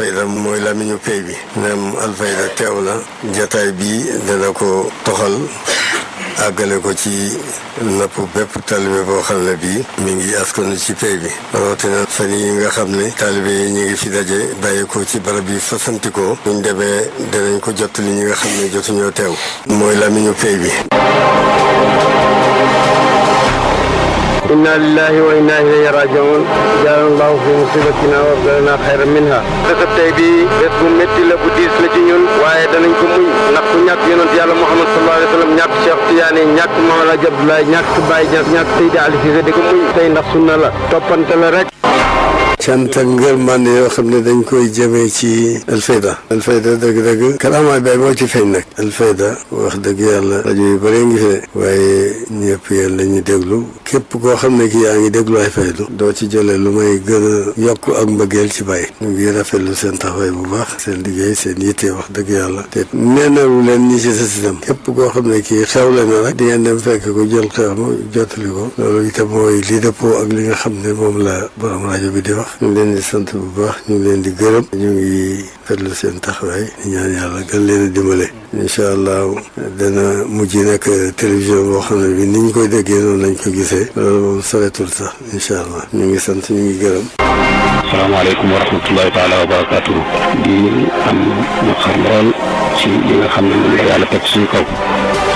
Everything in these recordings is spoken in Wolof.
alfayda mooy lamiñu pay bi nem alfayda teew na jataay bi dana ko toxal àggale ko ci napp bépp taalibe boo xam ne bii mi ngi askanu ci pay bi rawatina fan yi nga xam ni taalibe yi ñu ngi fi daje bàyyi ko ci barab bi fasantikoo buñ demee danañ ko jot li ñi nga xam ne jotuñoo teew mooy lamiñu pay bi inna lillahi wa inna ilayhi rajiun jaalallahu fi musibatina wa abdalana xayra minha a tey bi bés bu métti la bu diis la ci ñun waaye danañ ko muñ ndax ku ñàkk yonent yàlla muhammad sallallahu alayhi wa sallam ñàkk cheikh tiyaani ñàkk a abdoulaye ñàkk baye ñàkk seydi ali cissé di ko muñ tey ndax sunna la toppante la cant ak ngërmande yoo xam ne dañ koy jëmee ci alfayda alfayda dëgg-dëgg karaamaay bay moo ci feeñ nag alfayda wax dëgg yàlla rajo yu bëree ngi fi waaye ñëpp yéen la ñu déglu képp koo xam ne ki yaa ngi déglu ay faydu doo ci jëlee lu may gën a yokk ak mbëggeel ci bàyyi ñu ngi rafetlu seen tax taxawaay bu baax seen liggéey seen yitte wax dëgg yàlla te neenalu leen ñi ci sa système képp koo xam ne kii xew la na rek di ngeen dem fekk ko jël xew ma jottali ko loolu itam li nga xam ne ñu leen di sant bu baax ñu leen di gërëm ñu ngi fetlu seen taxawaay di ñaan yàlla gën leen a dimbale incha allah dana mujj nekk télévision boo xam ne bi niñ ñu koy déggee noonu lañ ko gisee loolu moom soreetul sax incha ñu ngi sant ñu ngi gërëm asalaamaaleykum wa rahmatullahi taala wa di am naqar ci li nga xam ne moom la yàlla teg kaw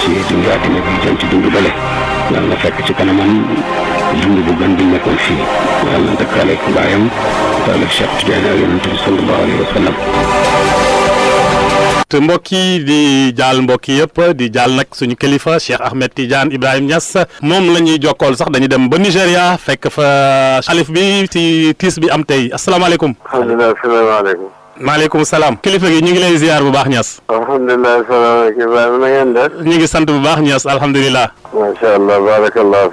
ci dund ak nekk mu jëm fekk ci kanamam dund bu gën bi na dëkkaale ko baayam dëkkaale Cheikh Tidiane ak yonent bi sallallahu alayhi wa te mbokk yi di jaal mbokki yëpp di jaal nag suñu kilifa Cheikh Ahmed Tidiane Ibrahima Niass moom lañuy jokkool sax dañu dem ba Nigéria fekk fa alif bi ci tiis bi am tey asalaamaaleykum. alhamdulilah maaleykum salaam kilifa gi ñu ngi lay ziar bu baax Niass. alhamdulilah salaamaaleykum Ibrahima na ngeen def. ñu ngi sant bu baax Niass alhamdulilah. macha allah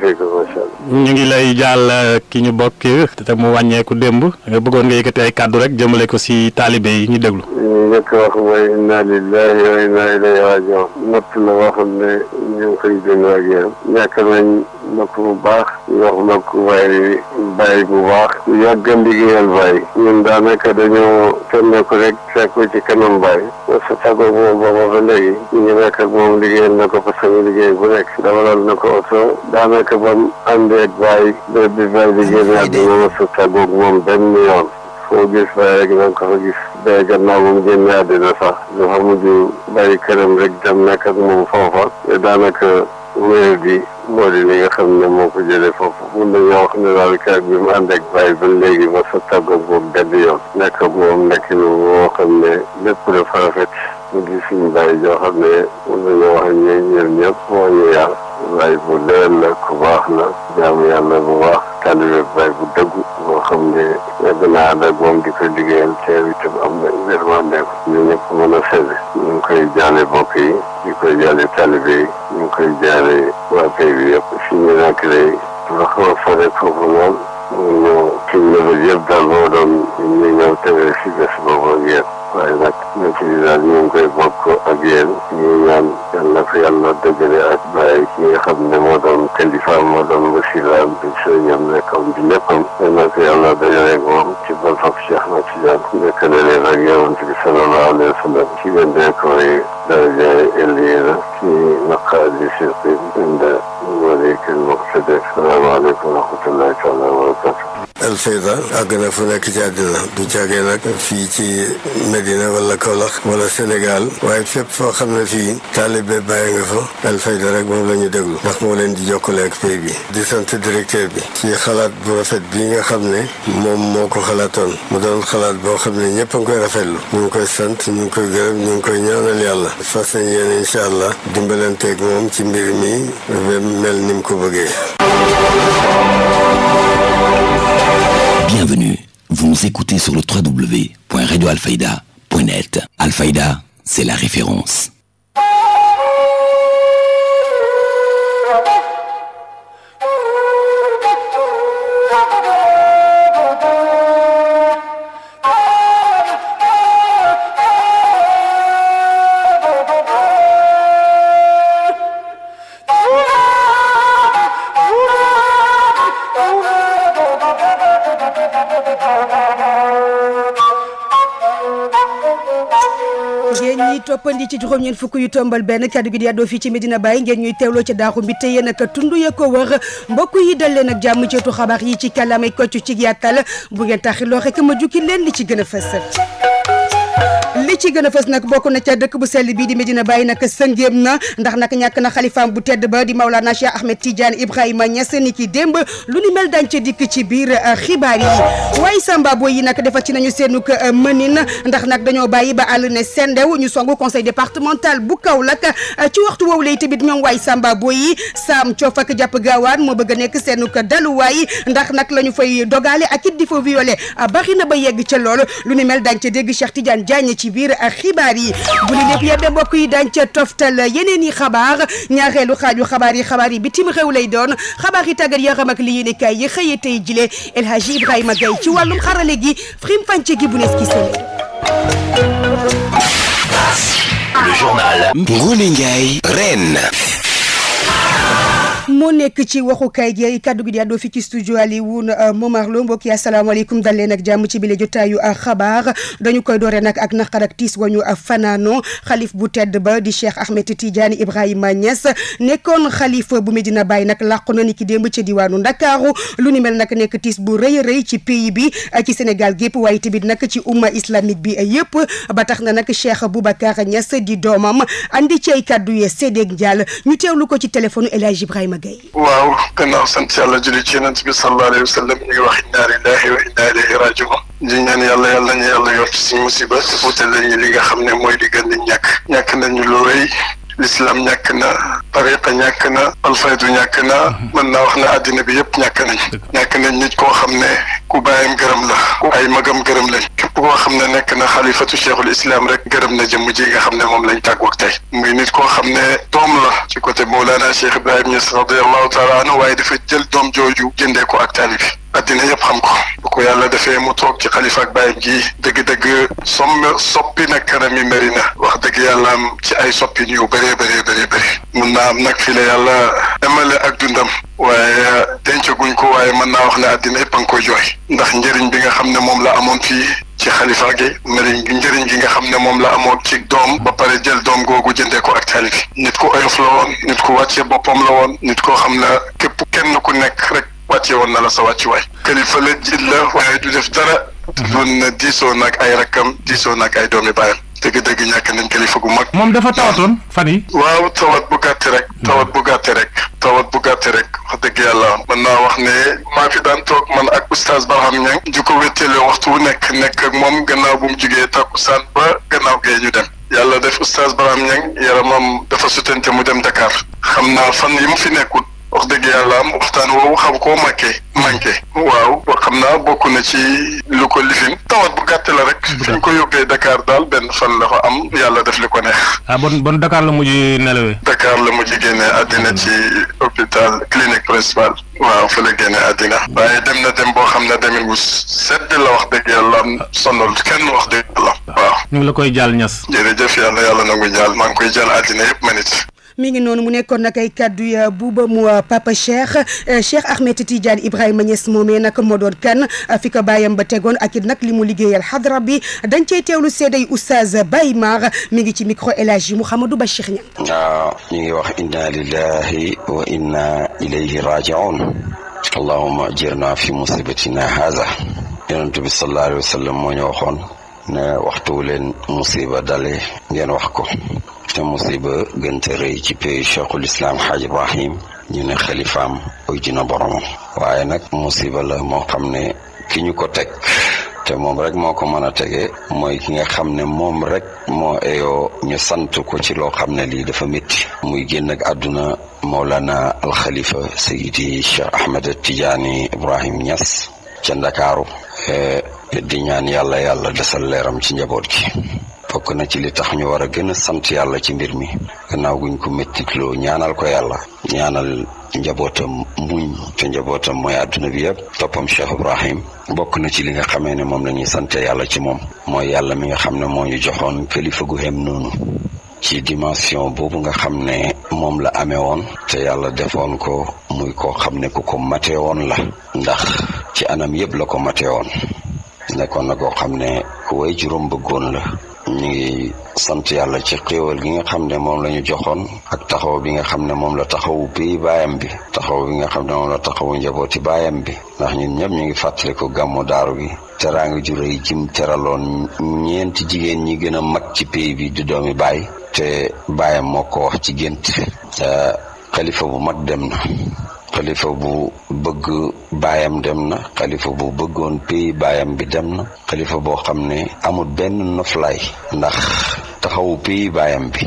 ñu ngi lay jàll euh, ki ñu bokk te mu wàññeeku démb nga bëggoon nga yëkkati ay kàddu rek jëmale ko si taalibe yi ñu déglu. ñu njëkk wax mooy inna lillahi wa inna ilayhi rajiun nopp la boo xam ne ñu ngi koy dund ak yéen nañ nopp bu baax wax nopp bàyyi bu baax yàgg liggéeyal bàyyi ñun daanaka dañoo ne ko rek fekk ci kanam bàyyi sa tàggoo moom booba ba léegi ñu ngi nekk ak moom liggéeyal na ko parce que liggéey bu nekk dabalal na ko oto daanaka ba mu àndee ak bàyyi béréb bi bàyyi di génn àdduna ma sa tàggoo moom benn yoon foo gis bàyyi rek da nga ko fa gis bee gannaaw ba mu génn àddina sax dafa mujj bàyyi këram rek dem nekk ak moom daanaka wéer moo di li nga xam ne moo ko jëlee foofu mun nañoo wax ne daal kàddu bi mu ànd ak bàyyi ba léegi ba sa tàggoog boobu benn yoon nekk moom nekk ni moo xam ne lépp dafa rafet mu di suñu bàyyi joo ne mun nañoo wax ne ñun ñëpp moo ñu yàlla. waaye bu leel la ku baax la jaamu yàlla bu baax taalibe baay bu dëggu boo xam ne yàgg naa ànd ak moom di ko liggéeyal teew itam am na yërmande ñu ñëpp mën a sedd ñu ngi koy jaale bokk yi ñu koy jaale taalibe yi ñu ngi koy jaale waa kay bi yëpp fi ñu nekk lay dafa xaw a sore foofu lool ñu suñ nëbal yëpp daal moo doon ñu ñëw teewee si bés boobu ak yéen waaye nag métier bi daal ñu ngi koy bokk ak yéen ñuy ñaan yàlla fa yàlla dëggale ak bàyyi ki nga xam ne moo doon kalifaam moo doon wasilaam di sëriñam nekkam di léppam yàlla fa yàlla dajale ak moom ci barfak Cheikh Ahmad Tidiane nekkale leen ak yonent bi sallallahu alayhi wa sallam ci leen dekkoy daraja élira ci maqaadi sirqin inda malikil muqtadir salaamaaleykum wa rahmatullahi Alfayda àgg na fu nekk ci àddina du caagee nag fii ci Medina walla Kaolack wala Sénégal waaye fépp foo xam ne fii taalibe bàyyi nga fa Alfayda rek moom la déglu ndax moo leen di jokkale ak pay bi di sant directeur bi ci xalaat bu rafet bi nga xam ne moom moo ko xalaatoon mu doon xalaat boo xam ne ñëpp a ngi koy rafetlu ñu ngi koy sant ñu ngi koy gërëm ñu ngi koy ñaanal yàlla fas nañ yéen incha allah dimbalanteeg moom ci mbir mi mel ni mu ko bëggee Bienvenue. Vous nous écoutez sur le www.radioalfaïda.net. Alfaïda, c'est la référence. jàppandi ci juróom-ñeent fukk yu tombal benn kaddu gi di àddoo fii ci Medina Baye ngeen ñuy teewloo ci daaru mbi téye nag tund ya ko wër mbokk yi dal leen ak jàmm ceetu xabaar yi ci kàllaamay kocc ci yàttal bu ngeen taxiloo rek ma jukki leen li ci gën a li ci gën fës nag bokk na ca dëkk bu sell bii di Medina Baye nag sëngéem na ndax nag ñàkk na xalifaam bu tedd ba di Maulana Cheikh Ahmed Tidiane Ibrahima Niass ni ki démb lu nu mel daañu ca dikk ci biir euh, xibaar yi waaye Samba Boy yi nag defal ci nañu seenug euh, mënin ndax nag dañoo bàyyi ba àll ne sendew ñu songu conseil départemental bu Kaolack euh, ci waxtu woowu lay tamit ñoom waaye Samba Boy yi saam coof ak jàpp gaawaan moo bëgg a nekk seenug daluwaay ndax nag la ñu fay dogaale ak it di fa violé bari na ba yegg ca loolu lu ni mel daañu ca dégg Cheikh Tidiane Diagne ci biir biir xibaar yi bu ñu lépp yembe mbokk yi dañ ca toftal yeneen i xabaar ñaareelu xaaju xabaar yi xabaar yi bitim réew lay doon xabaar yi tàggat yaram ak li yéene kaay yi xëyee tey jile El Hadji Ibrahima Gaye ci wàllum xarale gi frim fànce gi bu nees ki Le journal Ngoné Ndiaye moo nekk ci waxukaay gi kaddu gi di àddoo fii ci studio Alioune euh, Momar Lo mbokk yi asalaamaaleykum dal dale nag jàmm ci bile jotaayu euh, xabaar dañu koy dooree nag ak naqar ak tiis wañu euh, fanaano xalif bu tedd ba di Cheikh Ahmed tiijaan Ibrahima Niass nekkoon xalif bu Medina Baye nag làqu na ni ki démb ci diwaanu Ndakaaru lu ni mel nag nekk tiis bu rëy rëy ci pays bi ci Sénégal gépp waaye tamit nag ci umma islamique bi yëpp ba tax na nag Cheikh Boubacar Niass di doomam andi ci ay kaddu yee séddeeg njaal ñu ko ci téléphone El Hadj Ibrahima Gueye waaw gannaaw sant yàlla julli ci yonent bi sallallahu alayhi wa sallam ñu wax inna lillahi wa inna ilayhi rajiun di ñaan yàlla yàlla ñu yàlla yor ci suñu musiba te fuutal lañu li nga xam ne mooy di gën di ñàkk ñàkk nañu lu lislaam ñàkk na tariqa ñàkk na alfaydu ñàkk na mhm. mën na wax ne àddina bi yëpp ñàkk nañ ñàkk nañ nit koo xam ne ku bàyyam gërëm la ku ay magam gërëm lañ képp koo xam ne nekk na xalifatu cheikhul islam rek gërëm na jëmm ji nga xam ne moom lañ tàggoog tey muy nit koo xam ne doom la ci côté Mawlana Cheikh Ibrahim Niass radiallahu taala anhu waaye dafa jël doom jooju jëndee ko ak taalibi addina yëpp xam ko bu ko yàlla defee mu toog ci xalifa ak ji gi dëgg-dëgg somm soppi nag kanam yi mari na wax dëgg yàlla am ci ay soppi yu bëree bëree bëree bëri mun naa am nag fi la yàlla demale ak dundam waaye dencaguñ ko waaye mën naa wax ne addina yëpp a koy jooy ndax njëriñ bi nga xam ne moom la amoon fii ci xalifa gi njëriñ gi njëriñ gi nga xam ne moom la amoon ci doom ba pare jël doom googu jëndee ko ak taalibe nit ku oyof la woon nit ku wàccee boppam la woon nit koo xam ne képp nekk wàcce woon na la sa wàccuwaay kilifa la jiit la waaye du def dara doon na diisoo nag ay rakkam diisoo nag ay doomi baayam dëgg-dëgg ñàkk nañ kilifa gu mag. moom dafa tawatoon ah. fan yi waaw tawat bu gàtt rek. Hmm. tawat bu gàtt rek. tawat bu gàtt rek wax dëgg yàlla man naa wax ne maa fi daan toog man ak oustaz Barham Niang di ko wétteele waxtu wu nekk nekk ak moom gannaaw bu mu jugee takkusaan ba gannaaw gee ñu dem. yàlla def oustaz Barham Niang yaramam dafa sutante mu dem Dakar. xam naa fan yi mu fi nekkul. wax dëgg yàlla am waxtaan woowu xam koo manqué manqué waaw ba xam naa bokk na ci lu ko lifin tawat bu gàtt la rek fi ñu ko yóbbee Dakar daal benn fan la fa am yàlla def li ko neex ah bon bon Dakar la mujj nelawee Dakar la mujj génnee àddina mm-hmm. ci hôpital clinique principale waaw fa la génne àddina waaye dem na dem boo xam ne demin bu sedd la wax dëgg yàlla am sonal kenn wax dëgg yàlla waaw ñu la koy jaal ñas jërëjëf yàlla yàlla nangu jaal maa ngi koy jaal àddina yëpp manit mi ngi noonu mu nekkoon nag ay kaddu ya buuba mu euh, papa Cheikh euh, Cheikh Ahmed Tidiane Ibrahima Niass moomee nag moo doon kan euh, fi ko bàyyam ba tegoon ak it nag li mu liggéeyal xadra bi dañ cey teewlu seeday oustaz Baye Mar mi ngi ci micro El mu Mouhamadou Bachir Niang. waaw ñu ngi wax inna lillahi wa inna ilayhi rajiun allahumma ajirna fi musibatina haza yonent bi moo ñu waxoon. ne waxtu leen musiba dale ngeen wax ko te musiba gën te rëy ci pays cheikhul islam xaaj ibrahim ñu ne xalifaam uy dina boromam waaye nag musiba la moo xam ne ki ñu ko teg te moom rek moo ko mën a tege mooy ki nga xam ne moom rek moo eyoo ñu sant ko ci loo xam ne lii dafa métti muy génn ak àdduna Mawlana alxalifa Seydi Cheikh Ahmed Tidiane Ibrahim ñas ca Ndakaaru Eh, di ñaan yàlla yàlla desal leeram ci njaboot gi bokk na ci li tax ñu war a gën a sant yàlla ci mbir mi gannaaw guñ ko méttitloo ñaanal ko yàlla ñaanal njabootam muñ te njabootam mooy àdduna bi yëpp toppam Cheikh Ibrahim bokk na ci li nga xamee ne moom la ñuy sante yàlla ci moom mooy yàlla mi nga xam ne moo ñu joxoon kilifa gu xem noonu ci dimension boobu nga xam ne moom la amee woon te yàlla defoon ko muy koo xam ne ku ko mate woon la ndax ci anam yëpp la ko matee woon nekkoon na koo xam ne way juróom bëggoon la ñu ngi sant yàlla ci xéewal gi nga xam ne moom la ñu joxoon ak taxaw bi nga xam ne moom la taxawu bi baayam bi taxaw bi nga xam ne moom la taxawu njabooti baayam bi ndax ñu ñëpp ñu ngi fàttaliku gàmmu daaru gi te teraanga ju rëy jim teraloon ñeenti jigéen ñi gën a mag ci pays bi di doomi baay te baayam moo ko wax ci gént xalifa bu mag dem na xalifa bu bëgg baayam dem na xalifa bu bëggoon pays baayam bi dem na xalifa boo xam ne amut benn noflaay ndax taxawu pays baayam bi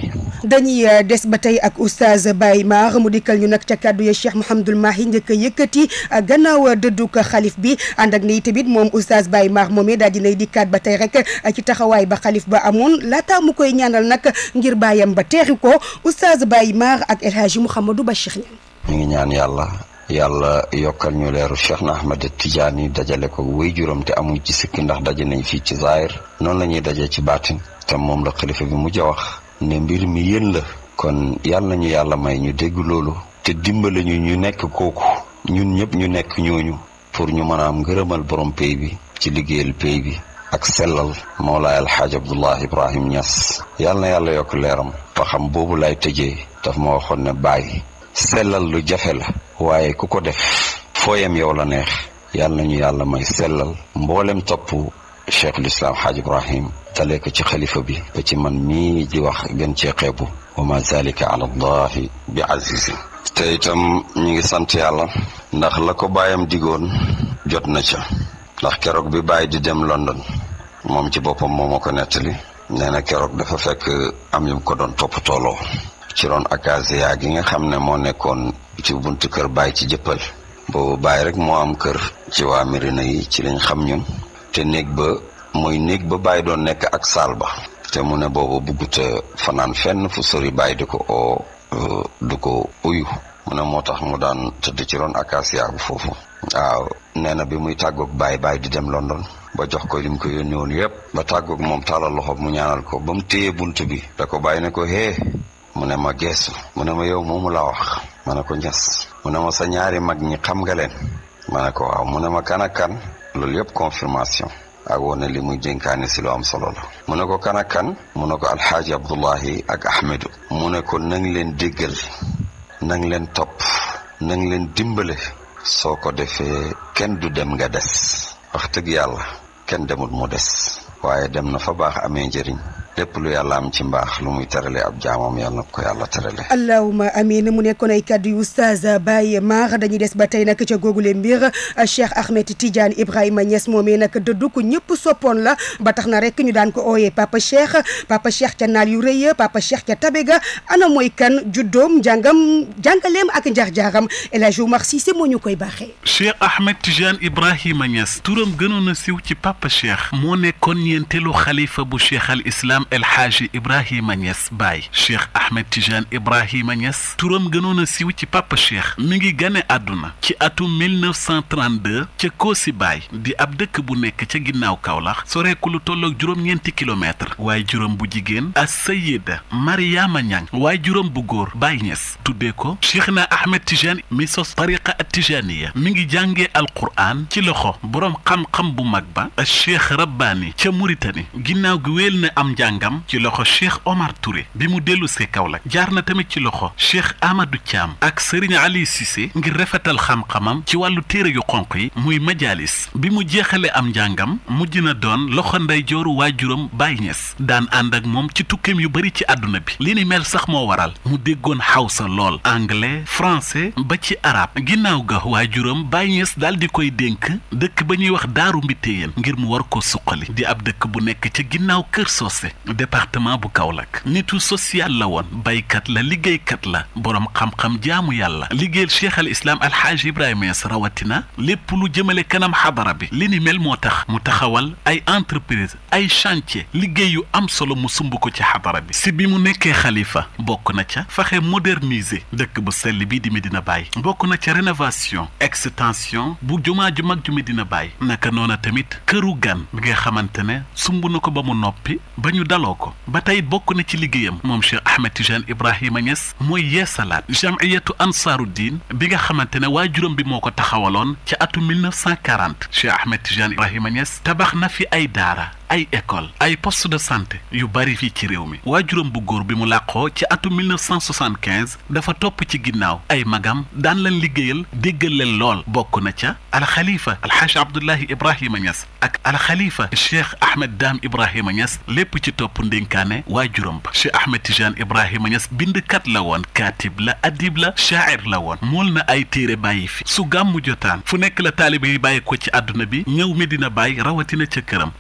dañuy euh, des ba tey ak oustaz Baye Mar mu dikkal ñu nag ca kàddu ya Cheikh Mouhamadul Mahi njëkk a euh, gannaaw euh, dëdduk xalif bi ànd ak ni tamit moom oustaz Baye Mar moomee daal dinay dikkaat ba tey rek ci taxawaay ba xalif ba amoon laataa mu koy ñaanal nag ngir bayam ba teexi ko oustaz Baye Mar ak mu Hadji Mouhamadou Bachir Niang mu ngi ñaan yàlla yàlla yokkal ñu leeru cheikh na ahmed tijaani dajale ko wéy juróom te amuñ ci sikki ndax daje nañ fii ci zaahir noonu la ñuy dajee ci baatin te moom la xalifa bi mujj a wax ne mbir mi yéen la kon yàlla nañu yàlla may ñu dégg loolu te dimbale ñu ñu nekk kooku ñun ñëpp ñu nekk ñooñu pour ñu mën a am ngërëmal borom pay bi ci liggéeyal pay bi ak sellal Mawlaay Alxaaj Abdullah Ibrahim Niass yàlla na yàlla yokk leeram ba xam boobu lay tëjee daf ma waxoon ne bàyyi sellal lu jafe la waaye ku ko def fooyam yow la neex yal nañu yàlla may sellal mboolem topp cheikhul islam haaj ibrahim talee ci xalifa bi ba ci man mii di wax gën cee xeebu wa ma zalika ala allahi bi azizin te itam ñu ngi sant yàlla ndax la ko baayam digoon jot na ca ndax keroog bi bàyyi di dem London moom ci boppam moom ma ko nettali nee na keroog dafa fekk am yum ko doon topp tooloo ci ron akaziya gi nga xam ne moo nekkoon ci buntu kër Baye ci jëppal bo Baye rek moo am kër ci waa na yi ci lañ xam ñun te néeg ba mooy néeg ba Baye doon nekk ak saal ba te mu bo boobu bugguta fanaan fenn fu sori Baye di ko euh, du ko uyu mu ne moo tax mu daan tëdd ci ron akaziya bu foofu waaw nee na bi muy tàggoog Baye Baye di dem London ba jox ko lim ko yónni woon yëpp ba tàggoog moom tàllal loxo mu ñaanal ko ba mu bunt bi da ko bàyyi ne ko hee mu ne ma geesu mu ne ma yow moomu laa wax ma ne ko ñes mu ne ma sa ñaari mag ñi xam nga leen ma ne ko waaw mu ne ma kanakan ak kan loolu yëpp confirmation ak woon li muy jénkaane si lu am solo la mu ne ko kanakan ak mu ne ko alxaaji abdullahi ak ahmedu mu ne ko nang leen déggal nang leen topp nang leen dimbale soo ko defee kenn du dem nga des wax dëgg yàlla kenn demut mu des waaye dem na fa baax amee njëriñ lépp lu yàlla am ci mbaax lu muy terale ab jaamam yàlla na ko yàlla terale allahuma amin mu nekkoon ay kàddu yu Oustaz Baye Mar dañuy des ba tey nag ca googule mbir Cheikh Ahmed Tidiane Ibrahima moo moomee nag dëddu ko ñëpp soppoon la ba tax na rek ñu daan ko ooyee papa Cheikh papa Cheikh ca naal yu rëy papa Cheikh ca tabega ana mooy kan juddoom jàngam jàngaleem ak njaar-jaaram El Hadj Oumar Cissé moo ñu koy baaxee Cheikh Ahmed Tidiane Ibrahima Niass turam gënoon a siiw ci moo nekkoon ñeenteelu maam El Hadji Ibrahima Niass Baye Cheikh Ahmed Tijane Ibrahima Niass turam gënoon a siiw ci papa Cheikh mi ngi gane àdduna ci atum 1932 ca Koosi Baye di ab dëkk bu nekk ca ginnaaw Kaolack soreeku lu tollook juróom-ñeenti kilomètre waaye juróom bu jigéen ak Sayida Mariama Ñang waaye juróom bu góor Baye Niass tuddee ko Cheikh na Ahmed Tijane mi sos tariqa at Tijaniya mi ngi jàngee alquran ci loxo boroom xam-xam bu mag ba ak Cheikh Rabbani ca Mauritanie ginnaaw njàngam ci loxo Cheikh Omar Touré bi mu dellu see Kaolack jaar na tamit ci loxo Cheikh Amadou Thiam ak Serigne Ali Cissé ngir rafetal xam-xamam ci wàllu téere yu xonq yi muy majalis bi mu jeexalee am njàngam mujj na doon loxo ndeyjooru waajuram Baye Niass daan ànd ak moom ci tukkeem yu bari ci àdduna bi li ni mel sax moo waral mu déggoon xaw sa lool anglais français ba ci arabe ginnaaw ga waajuram Baye Niass daal di koy dénk dëkk ba ñuy wax daaru mbitéyeen ngir mu war ko suqali di ab dëkk bu nekk ca ginnaaw kër soose département bu Kaolack nitu social la woon baykat la liggéeykat la boroom xam-xam jaamu yàlla liggéeyal cheikh al islam alxaaji Ibrahima Niass rawatina lépp lu jëmale kanam xabara bi li ni mel moo tax mu taxawal ay entreprise ay chantier liggéeyu am solo mu sumb ko ci xabara bi si bi mu nekkee xalifa bokk na ca fexe moderniser dëkk bu sell bii di dina bàyyi bokk na ca rénovation extension bu jumaa ju mag ju Medina Baye naka noona tamit këru gan bi daloo ko ba tey bokk na ci liggéeyam moom Cheikh Ahmed Tijane Ibrahima Niass mooy yeesalaat jamiyatu ansaaru diin bi nga xamante ne juróom bi moo ko taxawaloon ci atu 1940 Cheikh Ahmed Tijane Ibrahima Niass tabax na fi ay daara ay école ay poste de santé yu bari fii ci réew mi waajuram bu góor bi mu làqoo ci atum 1975 dafa topp ci ginnaaw ay magam daan leen liggéeyal déggal leen lool bokk na ca alxalifa alxaaj abdullahi ibrahima ñas ak alxalifa cheikh ahmed daam ibrahima ñas lépp ci topp ndénkaane waajuram ba cheikh ahmed tijaan ibrahima ñas bindkat la woon kaatib la adib la shaair la woon mool na ay téere bàyyi fi su gàmmu jotaan fu nekk la taalibe yi bàyyi ko ci àdduna bi ñëw medina bàyyi rawatina ca këram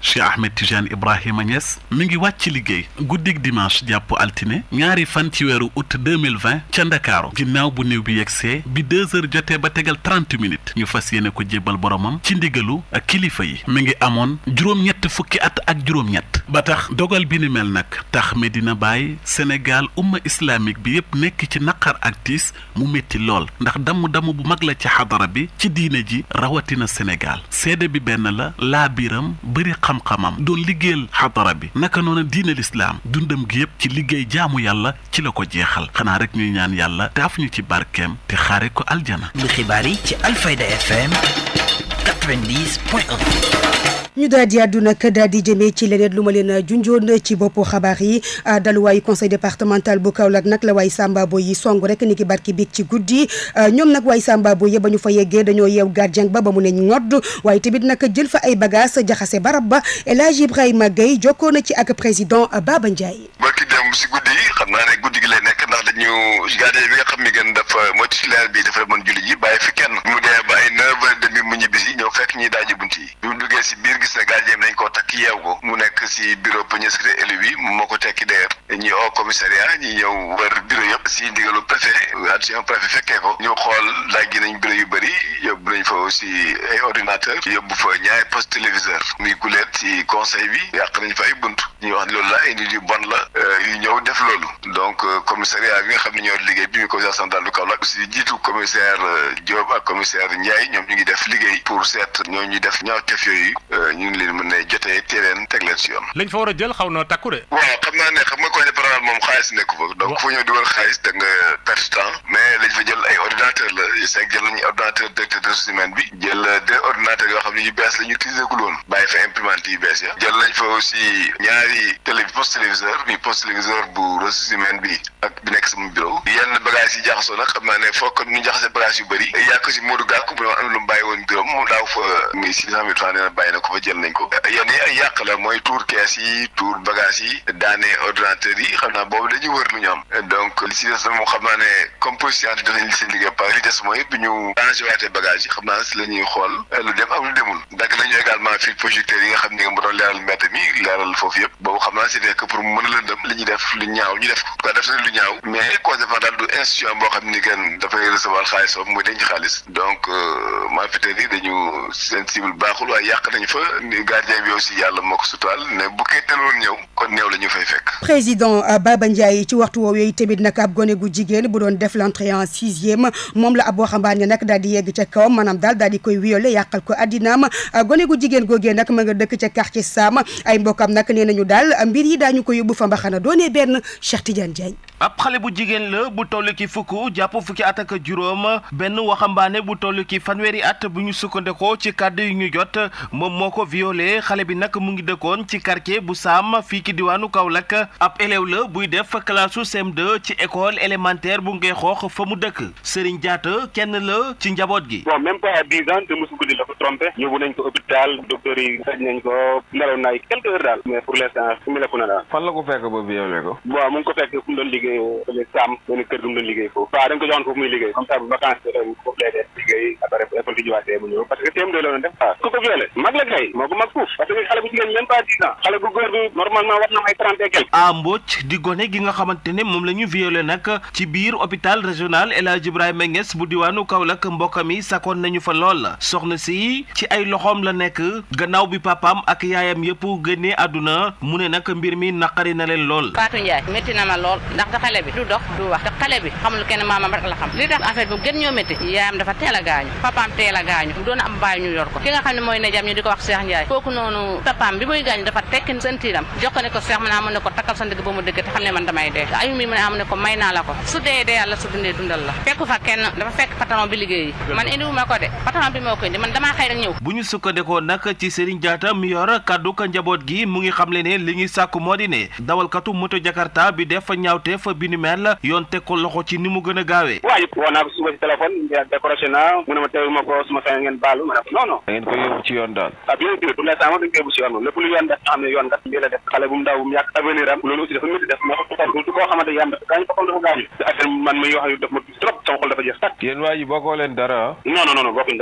Ahmed Tidiane Ibrahima Niass mi ngi wàcc liggéey guddig dimanche jàpp altine ñaari fan ci weeru août 2020 ca Ndakaaru ginnaaw bu néew bi yegsee bi deux heures jotee ba tegal trente minutes ñu fas yéene ko jébbal boromam ci ndigalu ak kilifa yi mi ngi amoon juróom-ñett fukki at ak juróom-ñett ba tax dogal bi ni mel nag tax Medina Baye senegaal umm islamique bi yëpp nekk ci naqar ak tiis mu metti lool ndax damm-damm bu mag la ci xadara bi ci diine ji rawatina senegaal seede bi benn la laa biram bëri xam-xamam doon liggéeyal xadara bi naka noonu diine lislaam dundam gi yëpp ci liggéey jaamu yàlla ci la ko jeexal xanaa rek ñuy ñaan yàlla taaf ñu ci barkeem te xaare ko aljana. xibaar yi ci Alfayda ñu daal di àddu nag daal di jëmee ci leneen lu ma leen junjoon ci boppu xabaar yi ah, daluwaayu conseil départemental bu Kaolack nag la waay Samba Boy yi song rek ni ki barki biig ci guddi ah, ñoom nag waay Samba Boy yi ba ñu fa yeggee dañoo yeew gardien ba ba mu ne ñodd waaye tamit nag jël fa ay bagages jaxase barab ba El Hadj Ibrahima Gueye jokkoo na ci ak président Baba Ndiaye. barki dem si guddi yi xam naa ne guddi gi lay nekk ndax dañu gardien bi nga xam gis ne gardien bi dañ koo takk yeew ko mu nekk si bureau premier secrétaire élu bi moo ko tekki deer ñi au commissariat ñi ñëw wër bureau yëpp si ndigalu préfet adjoint préfet fekkee ko ñu xool dajji nañ bureau yu bëri yóbbu nañ fa aussi ay ordinateur yóbbu fa ñaari poste téléviseur muy guleet ci conseil bi yàq nañ fa ay bunt ñu wax loolu la indi yu bon la euh, ñëw def loolu donc euh, commissariat bi nga xam ne ñoo liggéey bi ñu commissaire central du Kaolack aussi jiitu commissaire euh, Diop ak commissaire Ndiaye ñoom ñu ngi def liggéey pour seet ñoo ñu def ñaawteef yooyu euh, ñu ngi leen mën a jotee tee teg leen si yoon. lañ fa war a jël xaw na takku de. waaw xam naa ne xam nga koy ne par moom xaalis nekku fa donc fu ñëw di war xaalis da nga temps mais lañ fa jël ay ordinateur la seeg jël nañu ordinateur équipe bu ressources humaines bi ak bi nekk sama bureau yenn bagage yi jaxasoo nag xam naa ne foo ko ñu jaxase bagage yu bëri yàq si Modou Gakou bu am lu ko fa jël nañ ko yenn yi ay yàq la mooy yi xam naa boobu dañuy wër lu ñu am donc li xam naa ne comme position bi danañ li seen liggéey pa li des mooy bi ñu changé waatee bagage yi xam naa si la ñuy xool lu dem ak li ñuy def lu ñaaw ñu def ko def na lu ñaaw mais cause de daal du institution boo xam ni kenn dafay recevoir xaalis foofu muy denc xaalis donc euh, malfaiteurs yi dañu seen baaxul waaye yàq nañu fa gardien bi aussi yàlla moo ko sutaal ne bu kay teeloon ñëw kon néew la ñu fay fekk. président euh, Baba Ndiaye ci waxtu woowee tamit nag ab gone gu jigéen bu doon def l'entrée en sixième moom la ab waxambaane nag daal di yegg ca kaw maanaam daal daal di koy wiyole yàqal ko ma euh, gone gu jigéen googee nag ma nga dëkk ca quartier saama ay mbokkam nak nee nañu daal mbir yi daañu ko yóbbu fa mbaxana doonee kenn Cheikh Tidiane Diagne ab xale bu jigéen la bu toll ki fukk jàpp fukki at ak juróom benn waxambaane bu toll ki fanweeri at bu ñu sukkandekoo ci kàddu yu ñu jot moom moo ko violé xale bi nag mu ngi dëkkoon ci quartier bu saam fii ki diwaanu Kaolack ab élève la buy def classe CM2 ci école élémentaire bu ngay fa mu dëkk Serigne Diatta kenn la ci njaboot gi. bon même pas à dix ans te mosu guddi la ko trompé. yóbbu nañ ko hôpital docteur yi nañ ko nelaw naay quelques heures na daal. fan ko fekk liggéey tamit mu doon liggéey foofu waaw dañ ko joxoon foofu muy liggéey di gone gi nga xamante ne moom la ñu violé nag ci biir hôpital régional El Hadj Ibrahima Niass bu diwaanu Kaolack mbokkam yi sakkoon nañu fa lool soxna si ci ay loxoom la nekk gannaaw bi papaam ak yaayam yëpp génnee àdduna mu ne nag mbir mi naqari na leen lool Fatou Ndiaye métti na ma lool ndax te xale bi du dox du wax te xale bi xamul kenn maamam rek la xam li tax affaire bu gën ñoo métti yaayam dafa teel a gaañu papaam teel a gaañu mu doon am baay ñu yor ko ki nga ne mooy nejam di ko wax Cheikh Ndiaye kooku noonu papaam bi muy gaañu dafa tekki sentiram jox ko ne ko Cheikh mu ne ah ne ko takkal sa ndigg ba mu dëgg te xam ne man damay dee ayu mi mu ne ah ne ko may naa la ko su dee dee yàlla su dundee dundal la fekku fa kenn dafa fekk fa bi ni mel yoon teg ko ci a da ngeen ko yóbbu ci yoon daal. ah bien sûr pour la def xale bu mu ndaw bu mu yàq avenir am loolu aussi dafa métti def mais xam nga koo xamante ne yàlla gaañu boppam dafa gaañu affaire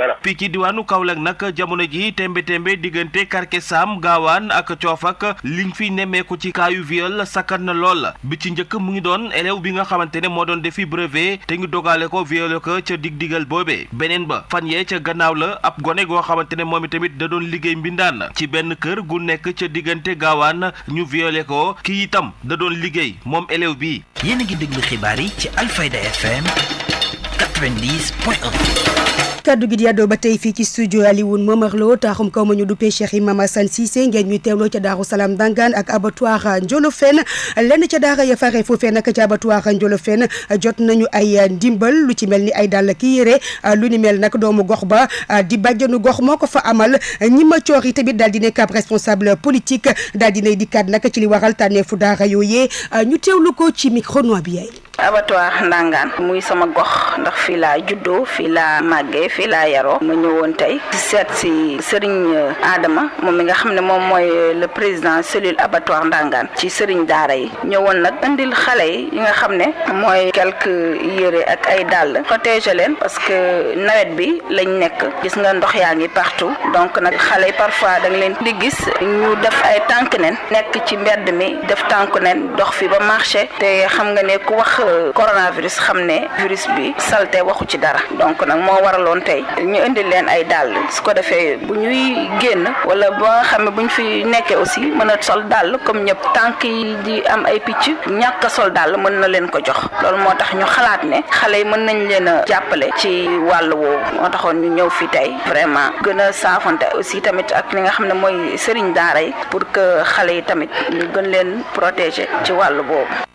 ah? diwaanu Kaolack nag jamono ji tembe tembe diggante Karkesam Gaawaan ak Coof ak liñ fi nemmeeku ci kaayu viol sakkan na lool bi ci njëkk mu ngi doon yoon élève bi nga xamante ne moo doon defi brevet te ñu dogale ko violé ko ca dig-digal beneen ba fan yee ca gannaaw la ab gone goo xamante ne moom itamit da doon liggéey mbindaan ci benn kër gu nekk ca diggante gaawaan ñu viole ko kii itam da doon liggéey moom élève bi yéen a ngi déglu xibaar yi ci Alfayda FM 90 kaddu gi di yàddoo ba tey fii ci studio Alioune Momar Lo taaxum kaw ma ñu duppee Cheikh Imam Assane Cissé ngeen ñuy teewloo ca Daaru Salaam Dangaan ak abattoir Ndiolofène lenn ca daara ya faree foofee nag ca abattoir Ndiolofène jot nañu ay ndimbal lu ci mel ni ay dàll kii yére lu ni mel nag doomu gox ba di bàjjanu gox moo ko fa amal ñi ma yi tamit daal di ne ab responsable politique daal di nay dikkaat nag ci li waral tànneefu daara yooyee ñu teewlu ko ci micro bi yaay abattoir Ndangaan muy sama gox ndax fii laa juddoo fii laa màggee fii laa yaroo ma ñëwoon tey seet si Serigne aadama euh, moom mi nga xam ne moom mooy euh, le président cellule abattoir Ndangaan ci Serigne Daara yi ñëwoon nag indil xale yi yi nga xam ne mooy quelques yére ak ay dàll protéger leen parce que nawet bi lañ nekk gis nga ndox yaa ngi partout donc nag xale yi parfois da nga leen di gis ñu def ay tànk neen nekk ci mbedd mi def tànk neen dox fi ba marché te xam coronavirus xam ne virus bi salte waxu ci dara donc nag moo waraloon tey ñu indi leen ay dàll su ko defee bu ñuy génn wala boo nga xam ne bu ñu fi nekkee aussi mën a sol dàll comme ñëpp tànk yi di am ay picc ñàkk a sol dàll mën na leen ko jox loolu moo tax ñu xalaat ne xale yi mën nañ leen a jàppale ci wàll woowu moo taxoon ñu ñëw fi tey vraiment gën a saafante aussi tamit ak li nga xam ne mooy sëriñ daara yi pour que xale yi tamit ñu gën leen protéger ci wàll boobu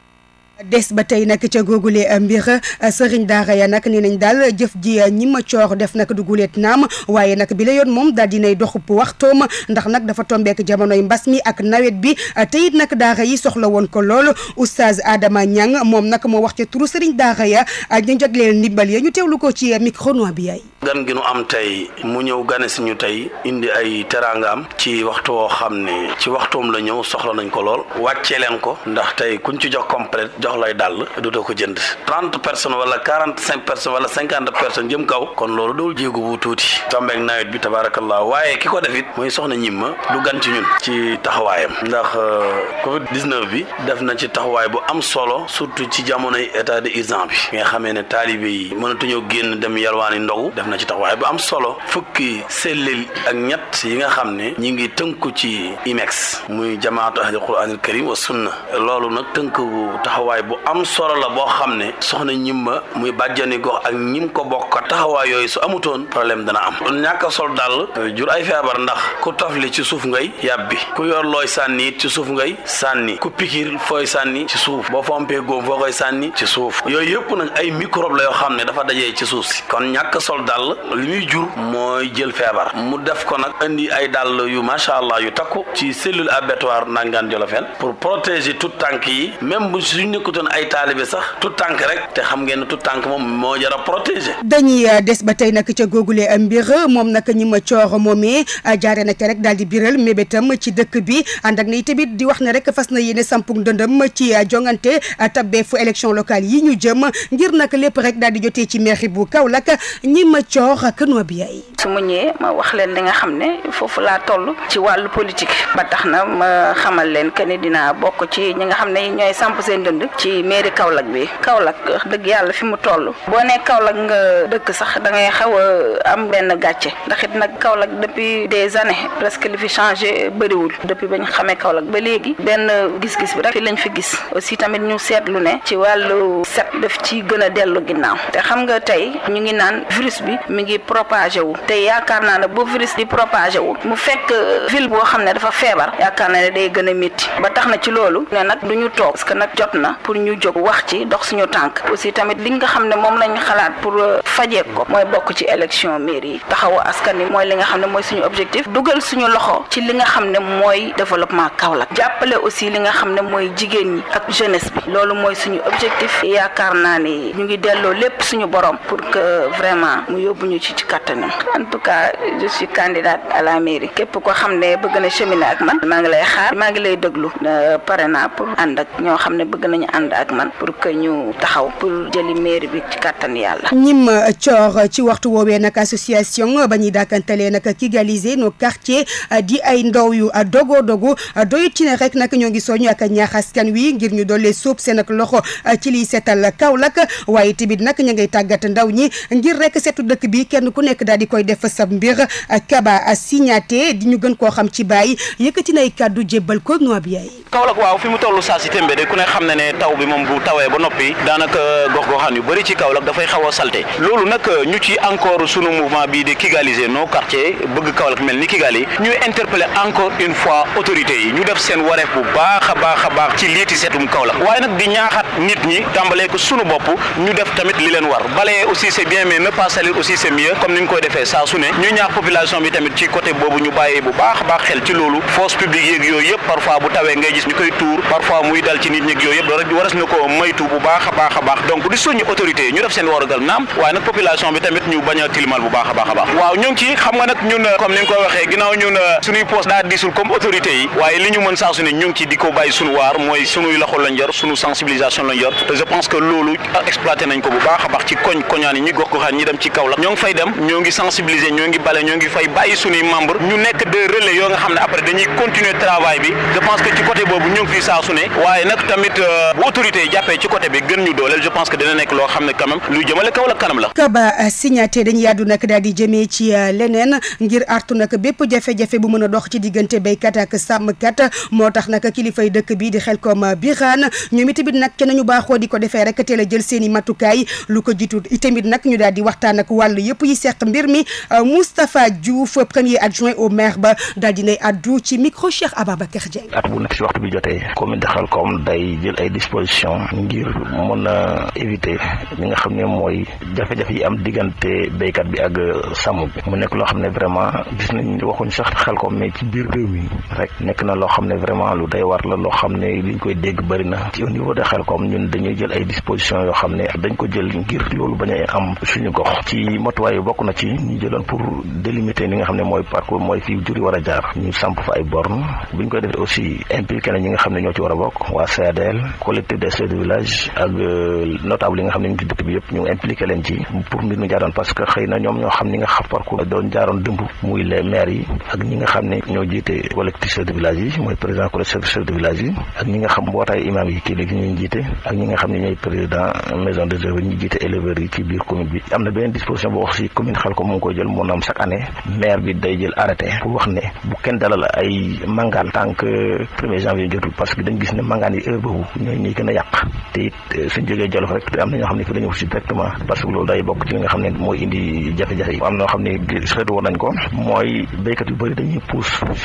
des ba tey nag ca googule eh, mbir eh, sëriñ daara ya nak nee nañ daal jëf ji eh, ñi ma coor def nag du guleet naam waaye nag bi la yoon moom daal dinay doxub waxtoom ndax nag dafa tombeek jamonoy mbas mi ak nawet bi te it nag daara yi soxla woon ko lool oustaz Adama Niang moom nag moo wax ca turu sëriñ daara ya ñu jot leen ndimbal ya ñu teewlu ko ci micro noir bi yaay gan gi nu am tey mu ñëw gane si tey indi ay teraangaam ci waxtu woo xam ne ci waxtoom la ñëw soxla nañ ko lool wàccee leen ko ndax tey kuñ ci jox complète jox lay dàll dootoo ko jënd trente personnes wala quarante cinq personnes jëm kaw kon loolu dool jéego bu tuuti tombeeg nawet bi tabaarakallaa waaye ki ko def mooy soxna ñimma du gan ci ñun ci taxawaayam ndax euh, covid bi def na ci taxawaay bu am solo surtout ci jamonoy état de urgence bi nga xamee ne taalibe yi mënatuñoo génn dem yalwaani ndogu def na ci taxawaay bu am solo fukki sellil ak ñett yi nga xam ne ñi ngi tënku ci IMEX muy jamaatu ahlul quraanil karim wa sunna taxawaay bu am solo la boo xam ne soxna ñimba muy bàjjani gox ak ñim ko bokk taxawaay yooyu su amutoon problème dana am ñàkk a sol daal euh, jur ay feebar ndax ku tafli ci suuf ngay yàbbi ku yor looy sànni ci suuf ngay sànni ku pikir fooy sànni ci suuf boo fompee góom foo koy sànni ci suuf yooyu yëpp nag ay microbe la yoo xam ne dafa dajee ci suuf si kon ñàkk sol dàll li muy jur mooy jël feebar mu def ko nag indi ay dàll yu macha allah yu takku ci cellule abattoir nangaan jolofeen pour nekkutoon ay taalibe sax tout tànk rek te xam ngeen ne tout tànk moom moo jar a dañuy euh, des ba tey nag ca googule euh, mbir moom nag ñi ma moom moomee euh, jaare na ca rek daal di biral mébétam ci dëkk bi ànd ak na tamit di wax ne rek fas na yéene sampug ndëndëm ci jongante tabbeefu élection locale yi ñu jëm ngir nag lépp rek daal di jotee ci mairie bu Kaolack ñi ma coor ak noo bi yaay. su ma ñëwee ma wax leen li nga xam ne foofu laa toll ci wàllu politique ba tax na ma xamal leen que ne dinaa bokk ci ñi nga xam ne ñooy samp seen ci mair Kaolack bi Kaolack dëgg yàlla fi mu toll boo nee Kaolack nga dëkk sax da ngay xaw a am benn gàcce ndax it nag Kaolack depuis des années presque li fi changé bëriwul depuis ba ñu xamee Kaolack ba léegi benn gis-gis bi rek fi lañ fi gis aussi tamit ñu seetlu ne ci wàllu set daf ci gën a dellu ginnaaw te xam nga tey ñu ngi naan virus bi mi ngi propagé wu te yaakaar naa ne bu virus di propagé wu mu fekk euh, ville boo xam ne dafa feebar yaakaar naa ne day gën a métti ba tax na ci loolu nag du ñu toog nag jot na pour ñu jóg wax ci dox suñu tànk aussi tamit li nga xam ne moom lañ xalaat pour euh, fajee ko mooy bokk ci élection maire yi taxawu askan wi mooy li nga xam ne mooy suñu objectif dugal suñu loxo ci li nga xam ne mooy développement Kaolack jàppale aussi li nga xam ne mooy jigéen ñi ak jeunesse bi loolu mooy suñu objectif yaakaar naa ne ñu ngi delloo lépp suñu borom pour que vraiment mu yóbbu ñu ci ci kattanam en tout cas je suis candidate à la mairie képp ko xam ne bëgg na cheminer ak man maa ngi lay xaar maa ngi lay déglu euh, ñoo xam ne bëgg nañu ànd ak man pour que ñu taxaw pour jëli mairie bi ci kàttan yàlla. ñim euh, coor euh, ci waxtu woowee nag association euh, ba ñuy dàkkantalee nag Kigalisé nos quartiers di ay ndaw yu a dogo dogo doyut ci ne rek nag ñoo ngi soñu ak ñaax kan wi ngir ñu dolee sóob seen ak loxo ci liy seetal Kaolack waaye tamit nag ñu ngay tàggat ndaw ñi ngir rek seetu dëkk bi kenn ku nekk daal di koy def sa mbir Kaba Signaté di ñu gën koo xam ci bàyyi yëkkati nay kàddu jébbal ko Noa Biaye. Kaolack waaw taw bi moom bu tawee ba noppi daanaka gox-goxaan yu bëri ci Kaolack dafay xaw salte loolu nag ñu ci encore sunu mouvement bii di Kigaliser nos quartiers bëgg Kaolack mel ni Kigali ñuy interpeller encore une fois autorités yi ñu def seen wareef bu baax a baax a baax ci liiti seetum Kaolack waaye nag di ñaaxaat nit ñi tàmbalee ko sunu bopp ñu def tamit li leen war balayer aussi c'est bien mais ne salir aussi c'est mieux comme ni ñu koy defee saa su ne ñu ñaax bi waras na ko maytu bu baax a baax a baax donc di soññu autorité yi ñu def seen warugal naam waaye nag population bi tamit ñu bañ a tilimal bu baax a baax a baax waaw ñu ngi ci xam nga nag ñun comme ni nga ko waxee ginnaaw ñun suñuy poste daa disul comme autorité yi waaye li ñu mën saa ne ñu ngi ci di ko bàyyi suñu waar mooy suñuy loxo lañ yor suñu sensibilisation lañ yor te je pense que loolu ah, exploité nañ ko bu baax a baax ci koñ koñaan bu autorité yi jàppee ci côté bi gën ñu dooleel je pense que dina nekk loo xam ne quand même luy jëmale kaw la kanam la. Kaba Signaté dañuy àddu nag daal di jëmee ci euh, leneen ngir artu nag bépp jafe-jafe bu mën a dox ci diggante béykat ak kat moo tax nag kilifay dëkk bi di xel Xelcom euh, Birane ñoom itamit nag kenn ñu baaxoo di ko defee rek teel a jël seen i matukaay lu ko jitu itamit nag ñu daal di waxtaan ak wàll yëpp yi seq mbir mi euh, Moustapha Diouf premier adjoint au maire ba daal di nay àddu ci micro at bu nekk si waxtu bi jotee commune de Xelcom disposition ngir mën a éviter li nga xam ne mooy jafe-jafe yi am diggante béykat bi ak euh, sàmm bi mu nekk loo xam ne vraiment gis nañ waxuñ sax xel koom mais ci biir réew mi rek nekk na loo xam ne vraiment lu day war la loo xam ne liñ koy dégg bëri na ci au niveau de xel koom ñun dañuy jël ay disposition yoo xam ne dañ ko jël ngir loolu bañ a am suñu gox ci motuwaay yu bokk na ci ñu jëloon pour délimiter li nga xam ne mooy parcours mooy fi jur war a jaar ñu samp fa ay borne buñ koy defee aussi impliqué na ñi nga xam ne ñoo ci war a bokk waa collectif des chefs de village ak euh, notable yi nga xam ne ñu ngi dëkk bi yëpp ñu impliqué ci pour mbir mi jaaroon parce que xëy na ñoom ñoo xam ni nga xafar ko doon jaaroon dëmb muy les maires yi ak ñi nga xam ne ñoo jiite collectif de village yi mooy président collectif de village yi jiite ak yi ci biir commune bi am na beneen disposition boo wax si commune xel ko mu koy jël moo naam chaque maire bi day jël arrêté pour wax ne bu kenn ñuy gën a yàq te it eh, suñ jógee Jolof rek te am na ñoo xam ne fi dañu si directement parce que loolu day bokk ci li nga xam ne mooy indi jafe-jafe yi am na ñoo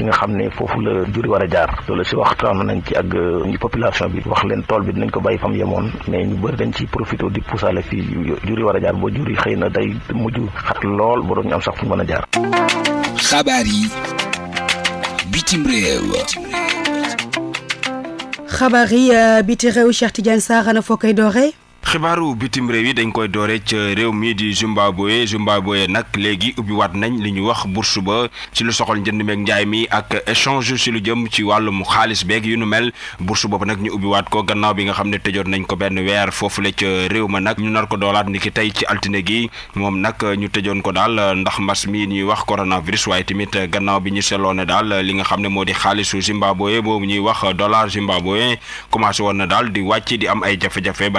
xam ne foofu la juri war a jaar loolu si waxtaan nañ ci ak euh, ñu population bi wax leen tool bi dinañ ko bàyyi fam yemoon mais ñu bëri dañ ci profité di poussaale fii juri war a jaar boo juri xëy na day mujj xat lool ba ñu am sax fu ñu mën a jaar xabaar yi bitim réew xabaar yi euh, biti réew Cheikh Tidiane Sarr ana foo koy dooree xibaaru bitim réew yi dañ koy doore ca réew mii di Zimbabwe Zimbabwe nag léegi ubbiwaat nañ li ñu wax bourse ba ci lu soxal njënd meeg njaay mi ak échange si lu jëm ci wàllum xaalis beeg yu nu mel bourse boobu nag ñu ubbiwaat ko gannaaw bi nga xam ne tëjoon nañ ko benn weer foofule ca réew ma nag ñu nar ko doolaat ni ki tey ci altine gi moom nag ñu tëjoon ko daal ndax mbas mi nuy wax coronavirus waaye tamit gannaaw bi ñu seloon daal li nga xam ne moo di xaalisu Zimbabwe boobu ñuy wax dollar Zimbabwe commencé woon na daal di wàcc di am ay jafe-jafe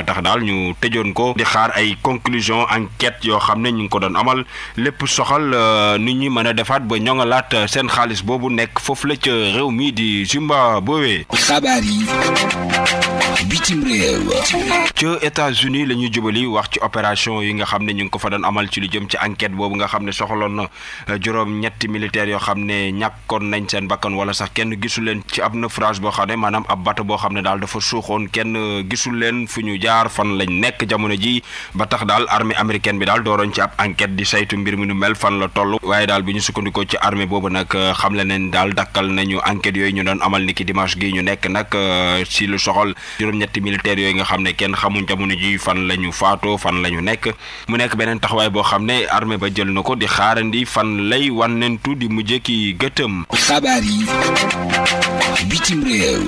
ñu tëjoon ko di xaar ay conclusion enquête yoo xam ne ñu ngi ko doon amal lépp soxal euh, nit ñuy mën a defaat ba ñoŋalaat seen xaalis boobu nekk foofu la ca réew mii di Zimbabwe xabaar yi bitim réew ca États-Unis la ñuy jubali wax ci opération yi nga xam ne ñu ngi ko fa doon amal ci lu jëm ci enquête boobu nga xam ne soxaloon na euh, juróom ñetti militaires yoo xam ne ñàkkoon nañ seen bakkan wala sax kenn gisul leen ci ab naufrage boo xam ne maanaam ab bata boo xam ne daal dafa suuxoon kenn euh, gisul leen fu ñu jaar fan lañ nekk jamono ji ba tax daal armée américaine bi daal dooroon ci ab enquête di saytu mbir mu nu mel fan la toll waaye daal bi ñu sukkandikoo ci armée boobu nag euh, xam le neen daal dakkal nañu enquête yooyu ñu doon amal niki dimanche gi ñu nekk nag si soxal ñetti militaires yooyu nga xam ne kenn xamuñ jamono ji fan la ñu faatoo fan la ñu nekk mu nekk beneen taxawaay boo xam ne armée ba jël na ko di xaarandi fan lay wànnentu di mujjee ki gëtëm. xabaar yi bitim réew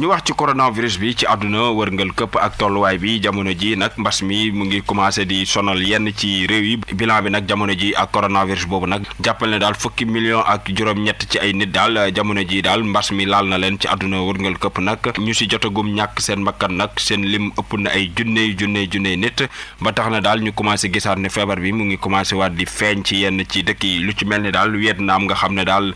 ñu wax ci coronavirus bi ci àdduna wërngal këpp ak tolluwaay bi jamono ji nag mbas mi mu ngi commencé di sonal yenn ci réew yi bilan bi nag jamono ji ak coronavirus boobu nag jàppal ne daal fukki million ak juróom-ñett ci ay nit daal jamono ji daal mbas mi laal na leen ci àdduna wërngal këpp nag ñu si jotagum ñàkk seen bakkan nag seen lim ëpp na ay junney junney junney nit ba tax na daal ñu commencé gisaat ne feebar bi mu ngi commencé waat di feeñ ci yenn ci dëkk yi lu ci mel ni daal Vietnam nga xam ne daal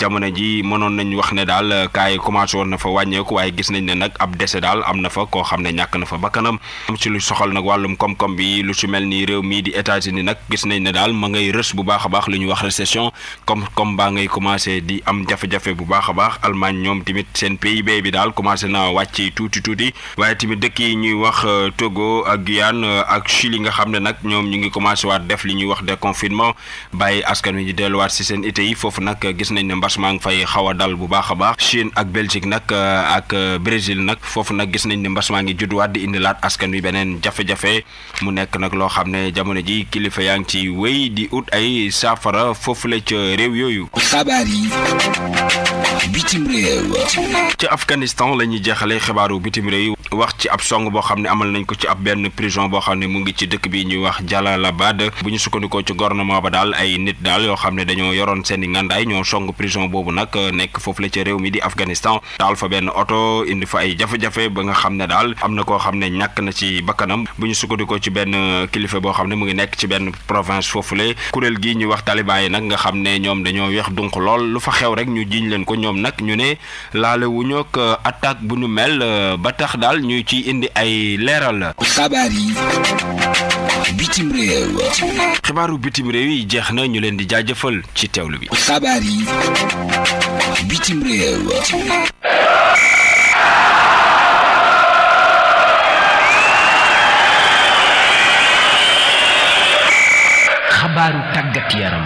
jamono ji mënoon nañu wax ne daal kaa yi commencé woon na fa wàññeeku waaye gis nañ ne nag ab décès daal am na fa koo xam ne ñàkk na fa bakkanam am ci lu soxal nag wàllum koom-koom bi lu ci mel ni réew mii di états ni nag gis nañ ne daal ma ngay rës bu baax a baax lu ñuy wax récession comme comme baa ngay commencé di am jafe-jafe baax a baax Allemagne ñoom tamit seen tuuti waaye tamit dëkk yi ñuy wax euh, Togo ak Guyane euh, ak Chili nga xam ne nag ñoom ñu ngi commencé waat def li ñuy wax de déconfinement bàyyi askan wi ñu delluwaat si seen ité yi foofu nag gis nañ ne mbas maa ngi fay xaw a dal bu baax a baax Chine ak Belgique nag euh, ak Brésil nag foofu nag gis nañ ne mbas maa ngi judduwaat di indilaat askan wi beneen jafe-jafe mu nekk nag loo xam ne jamono ji kilifa yaa ngi ci wéy di ut ay saafara foofu la ca réew yooyu. xabaar yi bitim réew wax ci ab song boo xam ne amal nañ ko ci ab benn prison boo xam ne mu ngi ci dëkk bi ñuy wax Jalalabad bu ñu sukkandikoo ci gouvernement ba daal ay nit daal yoo xam ne dañoo yoroon seen i ngàndaay ñoo song prison boobu nag nekk foofu la ca réew mi di Afghanistan taal fa benn oto indi fa ay jafe-jafe ba nga xam ne daal am na koo xam ne ñàkk na ci bakkanam bu ñu sukkandikoo ci benn kilifa boo xam ne mu ngi nekk ci benn province foofule kuréel gii ñuy wax taliban yi nag nga xam ne ñoom dañoo weex dunq lool lu fa xew rek ñu jiñ leen ko ñoom nag ñu ne laale wu ak attaque bu ñu mel ba ba tax daal ñu ci indi ay leeral. xabaar yi bitim réew. xibaaru bitim réew yi jeex na ñu leen di jaajëfal ci teewlu bi. xabaar yi bitim réew. xabaaru tàggat yaram.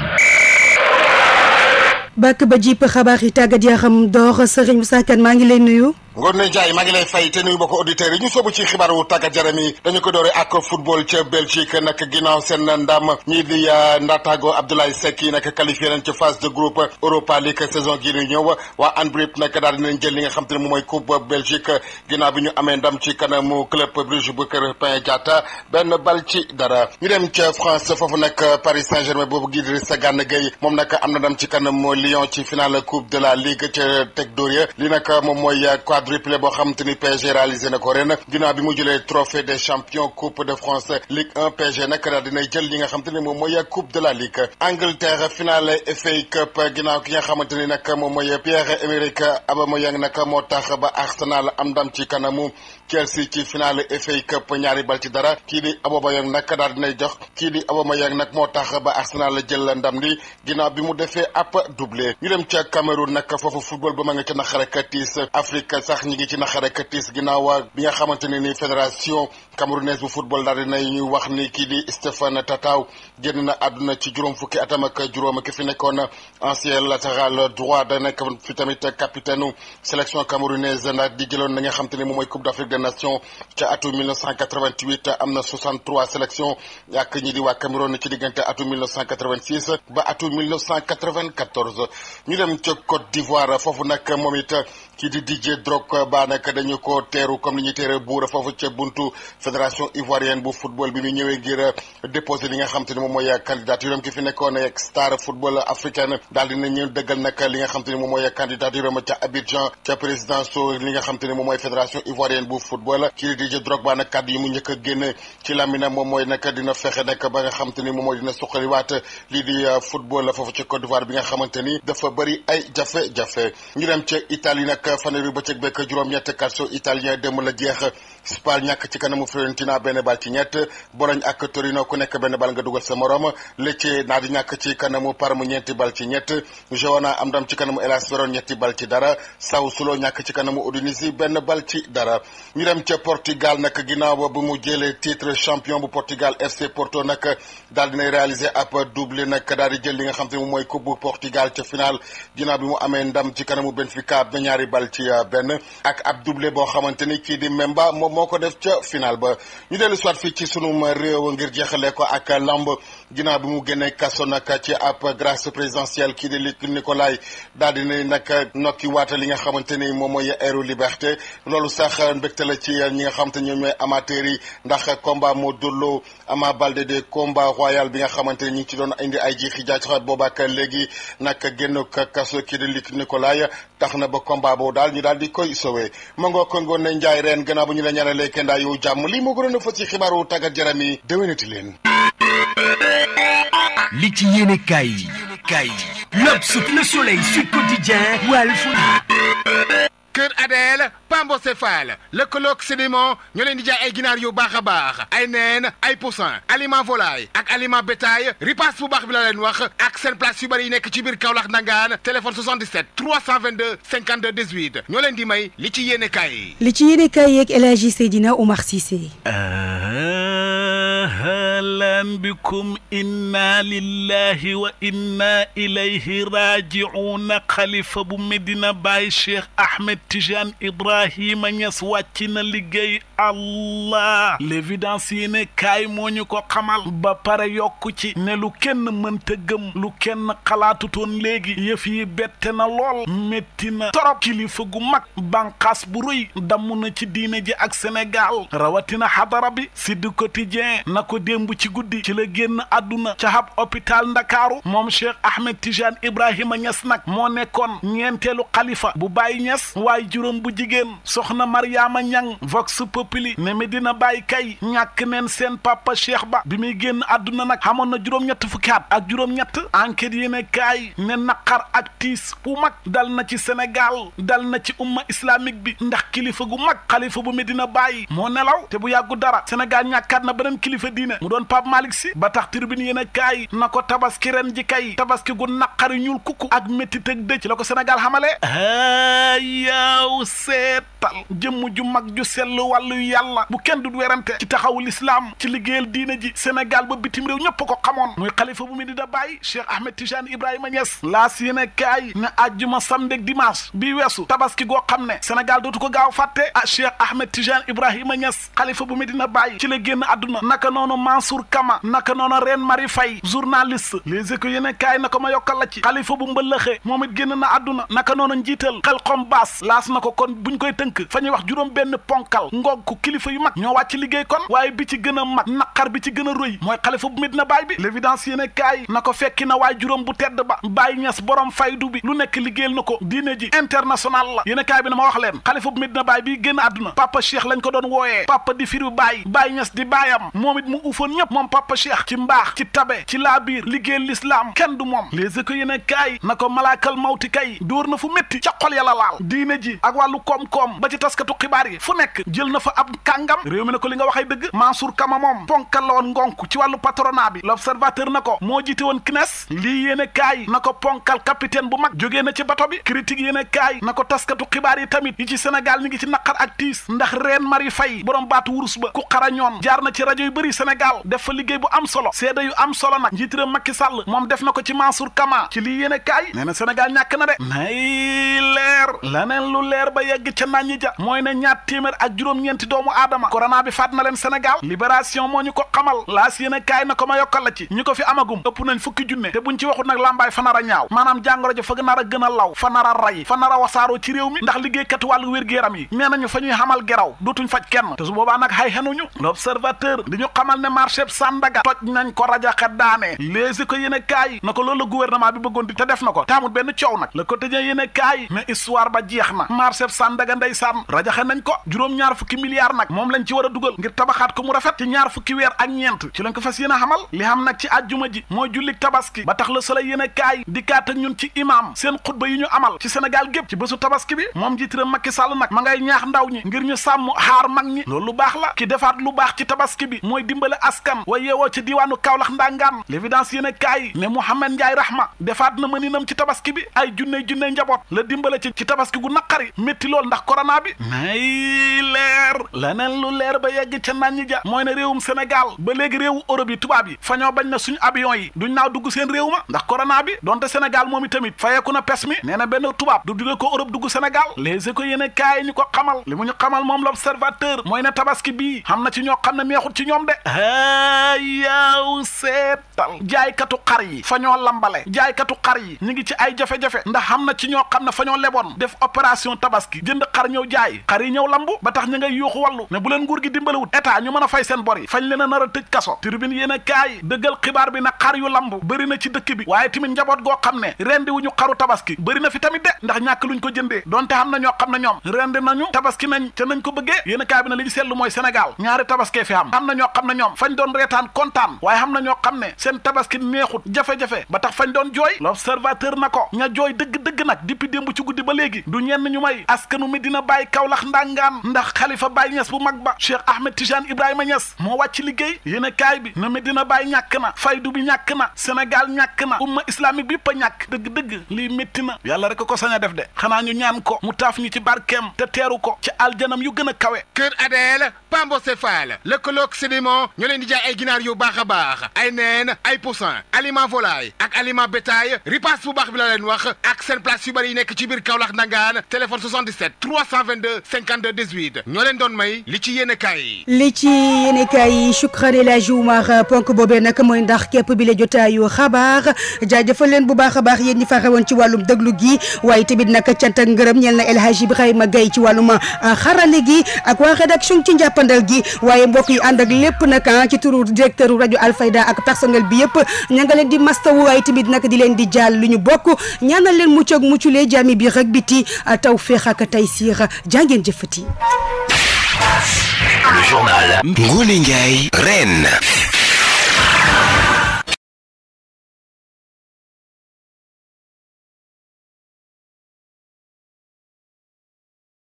bàkk ba jiip xabaar yi tàggat yaram door Serigne Moussa Kane maa ngi leen nuyu. Ngoné Ndiaye maa ngi lay fay te nuyu bokk auditeurs yi ñu soobu ci xibaar wu tàggat yaram yi dañu ko doore ak football ca Belgique nag ginnaaw seen ndam ñii di euh, ndaataango Abdoulaye Seck yi nag qualifié nañ ci de groupe Europa League saison gii ñu ñëw waa Antwerp nag daal dinañ jël li nga xam te ne moom mooy coupe Belgique ginnaaw bi ñu amee ndam ci kanamu club Bruges bu Krépin Diatta benn bal ci dara ñu dem ca France foofu nag Paris Saint-Germain na ndam ci kanamu Lyon ci finale coupe de la Ligue quadruplé boo xamante ni PSG réalisé na ko ren ginnaaw bi mu jëlee trophée des champions coupe de France Ligue 1 PSG nag daal dinay jël li nga xamante ni moom mooy coupe de la Ligue Angleterre finale FA Cup ginnaaw ki nga xamante ni moom mooy Pierre-Emerick Aubameyang nag moo tax ba Arsenal am ndam ci kanamu Chelsea ci finale FA Cup ñaari bal ci dara kii di Aubameyang nag daal dinay jox kii di Aubameyang nag moo tax ba Arsenal jël ndam sax ñi ngi ci naqar ak tiis ginnaaw bi nga xamante ne ni fédération camerounaise bu football daal di nay ñuy wax ni kii di Stéphane Tataw génn na àdduna ci juróom fukki atam ak juróom ki fi nekkoon ancien latéral droit da fi tamit capitaine sélection camerounaise ndax di jëloon na nga xam te ni moom d'Afrique des nations ca atum am na 63 sélection ñi di waa Cameroun ci diggante atum ba atum 1994 dem ca Côte d'Ivoire foofu nag moom it kii di Didier Drogba nag dañu ko teeru comme ni ñu teere buur foofu ca buntu fédération ivoirienne bu football bi mu ñëwee ngir déposer li nga moom mooy candidature am ki fi nekkoon ak star football africaine daal dina ñu dëggal nag li nga xam moom mooy candidature am ca Abidjan ca présidence li nga xam moom mooy fédération ivoirienne bu football kii di Didier Drogba nag kàddu yi mu njëkk a ci lamina moom mooy nag dina fexe nag ba nga xam moom mooy dina suqaliwaat lii di euh, football foofu ci Côte d'Ivoire bi nga xamante dafa bëri ay jafe-jafe ñu ca Italie morom Lecce naa di ñàkk ci kanamu par mu ñeenti bal ci ñett Joana am ndam ci kanamu Hellas Verona ñetti bal ci dara Sassuolo ñàkk ci kanamu Udinese benn bal ci dara ñu dem ca Portugal nag ginnaaw bu mu jëlee titre champion bu Portugal FC Porto nag daal dinay réaliser ab doublé nag daal di jël li nga xam te ne mooy coupe bu Portugal ca final ginnaaw bi mu amee ndam ci kanamu Benfica ba ñaari bal ci euh, benn ak ab doublé boo xamante ni kii di Memba moom moo ko def ca final ba ñu dellu soit fii ci sunum réew ngir jeexale ko ak lamb ginnaaw bi mu génnee kaso nag ci ab grâce présidentielle kii di Luc Nicolaï daal di ne nag nokki waata li nga xamante ni moom mooy aéro liberté loolu sax mbégte la ci ñi nga xamante ñoom ñooy amateur yi ndax combat Modou Lô Ama Baldé de combat royal bi nga xamante ni ñu ngi ci doon indi ay jiixi jaacoxat boobaak léegi nag génn kaso kii di Luc Nicolaï tax na ba combat boo daal ñu daal di koy sowee mangoo ko ngoon ne njaay reen gannaaw bu ñu la ñaanalee jàmm lii moo gënoon a fa ci xibaaru tàggat yaram yi déwénati leen li ci yéene kaay yi kaay yi L'Obs, Le Soleil, Sud Quotidien, Walf Kër Adeel Pambo Céphale lëkkaloog sédiment ñoo leen di jaay ay ginaar yu baax a baax ay neen ay poussin aliment volaille ak aliment bétail ripaas bu baax bi la leen wax ak seen place yu bëri nekk ci biir Kaolack Ndangaan téléphone 77 322 52 18 ñoo leen di may li ci yéene kaay yi. li ci yéene kaay yeeg El Hadji Seydina Oumar Cissé. Euh, ahlan bikum inna lillahi wa inna ilayhi raaji'uuna xalifa bu Medina Baye Cheikh Ahmed Tijane Ibrahima Niass wàcc na liggéey allah l'évidence yéene kaay moo ñu ko xamal ba pare yokku ci ne lu kenn mënta gëm lu kenn xalaatutoon léegi yëf yi bette na lool métti na torop kilifa gu mag banqaas bu rëy damm na ci diine ji ak Sénégal rawatina xadara bi si du quotidien na ko démb ci guddi ci la génn àdduna ca hab hôpital ndakaaru moom Cheikh Ahmed Tijane Ibrahima Niass nag moo nekkoon ñeenteelu xalifa bu bàyyi Niass waaye juróom bu jigéen soxna Mariama Ñang Vox Populi ne Medina Baye kay ñàkk nen seen papa Cheikh Ba bi muy génn àdduna nag xamoon na juróom-ñett fukki at ak juróom-ñett enquête yéene kaay nen naqar ak tiis bu mag dal na ci Sénégal dal na ci umma islamique bi ndax kilifa gu mag xalifa bu Medina bàyyi moo nelaw te bu yàggu dara Sénégal ñàkkaat na beneen kilifa diine doon Pape Malick ba tax tribune yéen a kaay na ko tabaski ren ji kay tabaski gu naqari ñuul kukku ak méttit ak dëj la ko senegal xamale a yaaw seetal jëmm ju mag ju sell wàllu yàlla bu kenn du werante ci taxawu lislaam ci liggéeyal diine ji Sénégal ba bitim réew ñëpp ko xamoon muy xalifa bu Medina Baye Cheikh Ahmed Tijane Ibrahima Niass laas yéen a kaay ne àjjuma samedi ak dimanche bii weesu tabaski goo xam ne senegal dootu ko gaaw fàtte ah Cheikh Ahmed Tijane Ibrahima Niass bu Medina Baye Mansour Kama naka noona reen Marie Faye journaliste les éco yéen kaay na ko ma yokkal la ci xalifa bu mbëllëxe moom it génn na àdduna naka noona njiital xel xom baas laas na ko kon bu buñ koy tënk fa ñuy wax juróom benn ponkal ngoog ku kilifa yu mag ñoo wàcc liggéey kon waaye bi ci gën a mag naqar bi ci gën a rëy mooy xalifa bu Medina Baay bi l'évidence yéen kaay na ko fekki na waay juróom bu tedd ba Baay Ñas borom faydu bi lu nekk liggéeyal na ko diin ji international la yéen kaay wax leen xalifa bu Medina Baay bi génn àdduna papa Cheikh lañ ko doon wooyee papa di firi Baay Baay Ñas ñëpp moom papa cheikh ci mbaax ci tabe ci laabiir liggéey lislaam kenn du moom les éco yéen kaay na ko malaakal mawti kay dóor na fu métti ca xol yàlla laal diine ji ak wàllu koom-koom ba ci taskatu xibaar yi fu nekk jël na fa ab kàngam réew mi ne ko li nga waxee dëgg Mansour Kama moom ponkal la woon ngonk ci wàllu patronat bi l'observateur na ko moo jiite woon CNES lii yéen a kaay na ko ponkal capitaine bu mag jógee na ci bato bi critique yéen a kaay na ko taskatu xibaar yi tamit yi ci Sénégal ñi ngi ci naqar ak tiis ndax reen Marie Faye borom baatu wurus ba ku xarañoon jaar na ci rajo yu bëri Sénégal def fa liggéey bu am solo seede yu am solo nag njiit réew Macky Sall moom def na ko ci Mansour Kama ci lii yéene kaay nee na Sénégal ñàkk na de nay leer laneen lu leer ba yegg ca naan ñi ja mooy ne ñaar téeméer ak juróom-ñeenti doomu aadama corona bi faat na leen Sénégal libération moo ñu ko xamal laas yéene kaay na ko ma yokkal la ci ñu ko fi amagum ëpp nañ fukki junne te buñ ci waxut nag làmbaay fanar a ñaaw maanaam jàngoro ja fa a gën a law fa nar a ray fa nar a wasaaroo ci mi ndax liggéeykat wàllu wér-gu-yaram yi nee nañu fa ñuy xamal geraw dootuñ faj kenn te su boobaa nag xay marché Sandaga toj nañ ko rajaxe daane léegi ko yéen a kaay na ko loolu la gouvernement bi bëggoon di te def na ko taamut benn coow nag Le Quotidien yéen a kaay ba jeex na marché Sandaga ndeysaan rajaxe nañ ko juróom-ñaar fukki milliards nag moom lañ ci war a dugal ngir tabaxaat ko mu rafet ñaar fukki weer ak ñeent ci lañ ko fas yéen a xamal li xam nag ci àjjuma ji mooy jullik tabaski ba tax la solo yéen a kaay dikkaat ñun ci imam seen xutba yi ñu amal ci Sénégal gépp ci bésu tabaski bi moom ji tëram Macky Sall nag ma ngay ñaax ndaw ñi ngir ñu sàmm xaar mag ñi loolu lu baax la ki defaat lu baax ci tabaski bi mooy dimbale askan askan way yeewoo ci diiwaanu kaolax ndangaan l'évidence yéen kaay ne Mouhamed Ndiaye Rahma defaat na mëninam ci tabaski bi ay junne junne njaboot la dimbale ci ci tabaski gu naqari métti lool ndax korona bi nay leer nen lu leer ba yegg ca naññi ja mooy ne réewum Sénégal ba léegi réewu Europe yi tubaab yi fa ñoo bañ na suñu avion yi duñ naa dugg seen réew ma ndax corona bi donte Sénégal moom itamit fayeeku na pes mi nee na benn tubaab du duggee ko Europe dugg Sénégal les éco yéen kaay ñu ko xamal li mu xamal moom l'observateur mooy ne tabaski bii xam na ci ñoo xam ne neexut ci ñoom yaaw seetal jaaykatu xar yi fa ñoo lambale jaaykatu xar yi ñu ngi ci ay jafe-jafe ndax xam na ci ñoo xam ne fa ñoo leboon def opération tabaski jënd xar ñëw jaay xar yi ñëw lambu ba tax ñu ngay yuuxu wàllu ne bu leen nguur gi dimbalewut état ñu mën a fay seen bor yi fañ leen a nar a tëj kaso turbine yéen a kaay dëggal xibaar bi na xar yu lambu bëri na ci dëkk bi waaye tamit njaboot goo xam ne rendi wuñu xaru tabaski bëri na fi tamit de ndax ñàkk luñ ko jëndee donte xam na ñoo xam ne ñoom rendi nañu tabaski nañ te nañ ko bëggee yéen a kaay na li ñu mooy Sénégal ñaari tabaskee fi am am doon reetaan kontaan waaye xam na ñoo xam ne seen tabaski neexut jafe-jafe ba tax fañ doon jooy l'observateur na ko ña jooy dëgg-dëgg nag depuis démb ci guddi ba léegi du ñenn ñu may askanu Medina Baye Kaolack ndàngaan ndax xalifa Baye Niass bu mag ba Cheikh Ahmed Tijane Ibrahima Niass moo wàcc liggéey yéene kaay bi na Medina Baye ñàkk na du bi ñàkk na Sénégal ñàkk na umma islamique bi pa ñàkk dëgg-dëgg lii metti na yàlla rek ko sañ a def de xanaa ñu ñaan ko mu taaf ñu ci barkeem te teeru ko ci aljanam yu gën a kawe kër Adel Pambo jaay ay ginaar yu baax a baax ay neen ay poussin aliment volaille ak aliment bétail ripaas bu baax bi wax ak seen place yu bëri nekk ci biir Kaolack nangaan téléphone 77 322 52 18 ñoo leen doon may li ci yéene kaay yi. li ci yéene kaay yi El Hadj Oumar ponk boobee mooy ndax képp bi la jotaayu xabaar jaajëfal leen bu baax a baax yéen ñi faaxe woon ci wàllum déglu gi waaye tamit nag cant ak ngërëm ñeel na El Hadj Ibrahima Gaye ci wàllum xarale gi ci njàppandal gi waaye mbokk yi ànd ak lépp ah, ci turu directeur rajo Alfayda ak personnel bi yëpp ña leen di mastawu waaye tamit nag di leen di jaal lu ñu bokk ñaanal leen mucc ak mucculee jaami bi rek biti ah, tawféex ak taysiir jàngeen jëfati. Le journal Ngoné Ndiaye Reine.